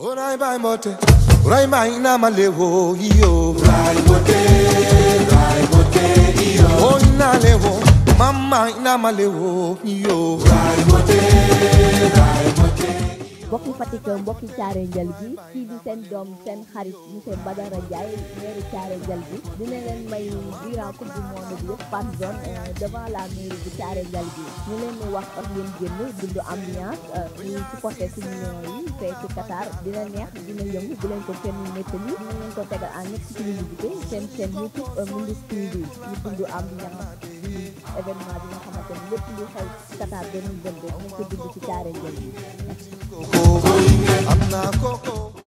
Urai bai mote, urai bai na malewo iyo. Urai mote, urai mote iyo. O ina lewo, mama ina malewo iyo. Urai mote. Fatick mbokki caare njël gi kii di seen doom seen xarit monsieur Badara Ndiaye mairie caare njël gi dina leen may durant coupe du monde bi yëpp euh, devant la mairie bu caare njël gi ñu leen wax ak yéen génn dundu ambiance euh, ñu supporté suñu ko seen seen YouTube euh, Mindiss TV ñu dundu ambiance di événement bi nga xamante lépp lu xew ci Qatar benn bën ko dund ci caare njël gi